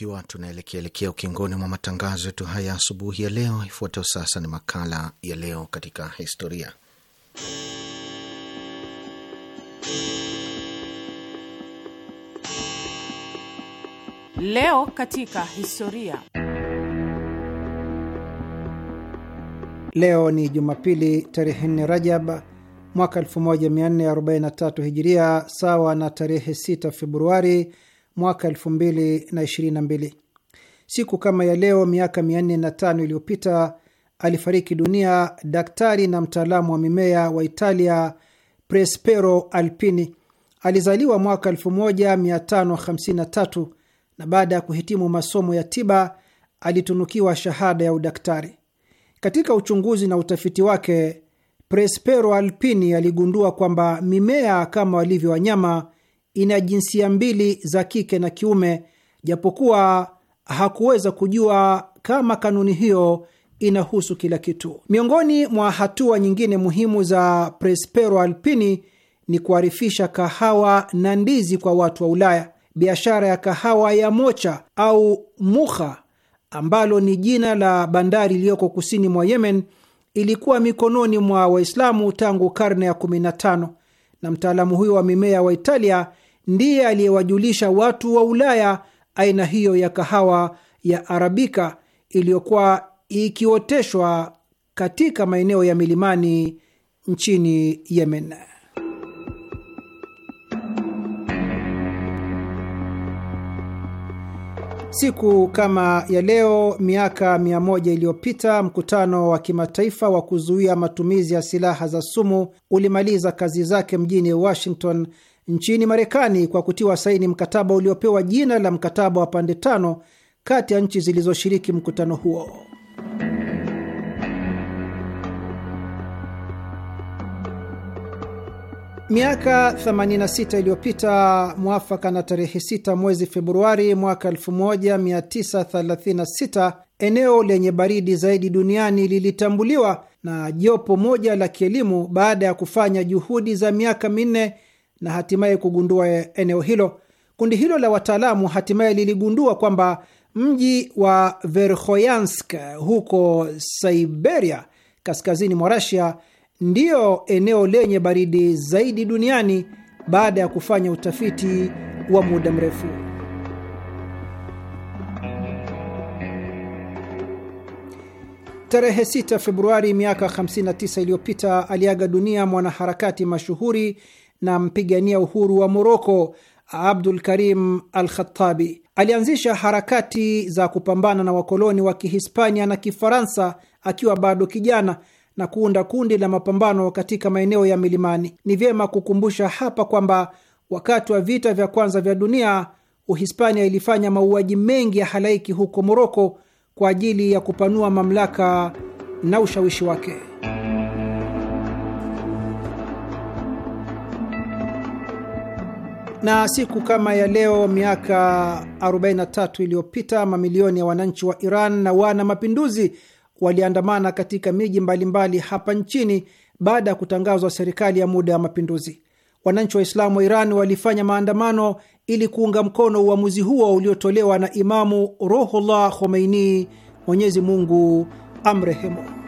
tukiwa tunaelekeaelekea ukingoni mwa matangazo yetu haya asubuhi ya leo, ifuatayo sasa ni makala ya leo katika historia. Leo katika historia. Leo ni Jumapili tarehe 4 Rajab mwaka 1443 Hijiria, sawa na tarehe 6 Februari mwaka 2022. Siku kama ya leo miaka 405 iliyopita alifariki dunia daktari na mtaalamu wa mimea wa Italia Prespero Alpini. Alizaliwa mwaka 1553 na baada ya kuhitimu masomo ya tiba alitunukiwa shahada ya udaktari. Katika uchunguzi na utafiti wake, Prespero Alpini aligundua kwamba mimea kama walivyo wanyama ina jinsia mbili za kike na kiume, japokuwa hakuweza kujua kama kanuni hiyo inahusu kila kitu. Miongoni mwa hatua nyingine muhimu za Prespero Alpini ni kuharifisha kahawa na ndizi kwa watu wa Ulaya. Biashara ya kahawa ya Mocha au Muha, ambalo ni jina la bandari iliyoko kusini mwa Yemen, ilikuwa mikononi mwa Waislamu tangu karne ya na mtaalamu huyo wa mimea wa Italia ndiye aliyewajulisha watu wa Ulaya aina hiyo ya kahawa ya Arabika iliyokuwa ikioteshwa katika maeneo ya milimani nchini Yemen. Siku kama ya leo miaka mia moja iliyopita mkutano wa kimataifa wa kuzuia matumizi ya silaha za sumu ulimaliza kazi zake mjini Washington nchini Marekani kwa kutiwa saini mkataba uliopewa jina la mkataba wa pande tano kati ya nchi zilizoshiriki mkutano huo. Miaka 86 iliyopita mwafaka na tarehe 6 mwezi Februari mwaka 1936 eneo lenye baridi zaidi duniani lilitambuliwa na jopo moja la kielimu baada ya kufanya juhudi za miaka minne na hatimaye kugundua eneo hilo. Kundi hilo la wataalamu hatimaye liligundua kwamba mji wa Verkhoyansk huko Siberia, kaskazini mwa Rasia ndiyo eneo lenye baridi zaidi duniani baada ya kufanya utafiti wa muda mrefu. Tarehe 6 Februari miaka 59 iliyopita aliaga dunia mwanaharakati mashuhuri na mpigania uhuru wa Moroko, Abdul Karim Al Khattabi. Alianzisha harakati za kupambana na wakoloni wa Kihispania na Kifaransa akiwa bado kijana na kuunda kundi la mapambano katika maeneo ya milimani. Ni vyema kukumbusha hapa kwamba wakati wa vita vya kwanza vya dunia Uhispania ilifanya mauaji mengi ya halaiki huko Moroko kwa ajili ya kupanua mamlaka na ushawishi wake. Na siku kama ya leo miaka 43 iliyopita mamilioni ya wananchi wa Iran na wana mapinduzi waliandamana katika miji mbalimbali hapa nchini baada ya kutangazwa serikali ya muda ya mapinduzi. Wananchi wa Islamu wa Iran walifanya maandamano ili kuunga mkono uamuzi huo uliotolewa na Imamu Ruhullah Khomeini, Mwenyezi Mungu amrehemu.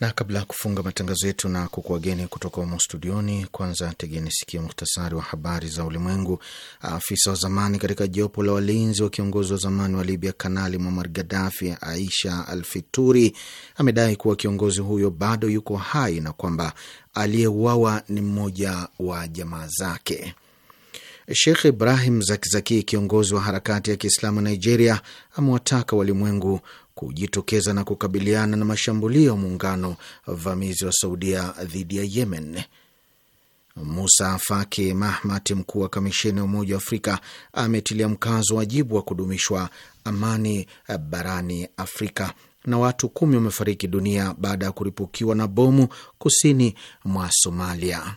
na kabla ya kufunga matangazo yetu na kukuwageni kutoka humo studioni, kwanza tegeni sikia muhtasari wa habari za ulimwengu. Afisa wa zamani katika jopo la walinzi wa kiongozi wa zamani wa Libya Kanali Muammar Gaddafi, Aisha Alfituri, amedai kuwa kiongozi huyo bado yuko hai na kwamba aliyeuawa ni mmoja wa jamaa zake. Sheikh Ibrahim Zakizaki, kiongozi wa harakati ya Kiislamu Nigeria, amewataka walimwengu kujitokeza na kukabiliana na mashambulio ya muungano vamizi wa Saudia dhidi ya Yemen. Musa Faki Mahamat, mkuu wa kamisheni ya Umoja wa Afrika, ametilia mkazo wajibu wa kudumishwa amani barani Afrika. Na watu kumi wamefariki dunia baada ya kuripukiwa na bomu kusini mwa Somalia.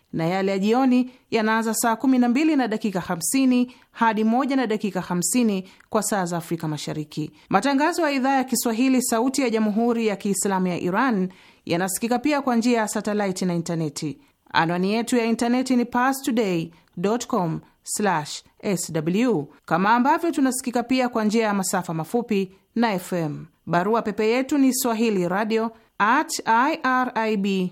na yale ya jioni yanaanza saa 12 na dakika 50 hadi 1 na dakika 50 kwa saa za Afrika Mashariki. Matangazo ya idhaa ya Kiswahili sauti ya Jamhuri ya Kiislamu ya Iran yanasikika pia kwa njia ya satelaiti na intaneti. Anwani yetu ya intaneti ni parstoday.com/sw, kama ambavyo tunasikika pia kwa njia ya masafa mafupi na FM. Barua pepe yetu ni swahili radio at ir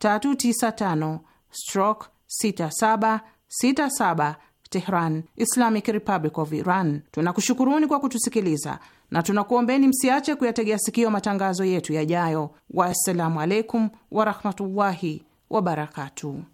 395 stroke 6767 Tehran, Islamic Republic of Iran. Tunakushukuruni kwa kutusikiliza na tunakuombeni msiache kuyategea sikio matangazo yetu yajayo. Wassalamu alaikum warahmatullahi wabarakatu.